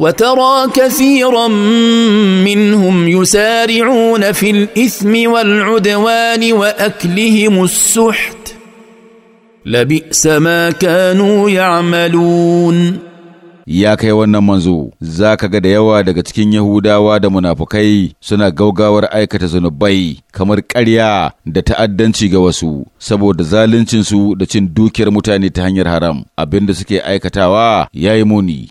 وترى كثيرا منهم يسارعون في الاثم والعدوان واكلهم السحت لبئس ما كانوا يعملون ya kai wannan manzo za ka ga da yawa daga cikin yahudawa da munafukai suna gaugawar aikata zunubai kamar karya da ta'addanci ga wasu saboda zaluncinsu da cin dukiyar mutane ta hanyar haram abinda suke aikatawa ya yi muni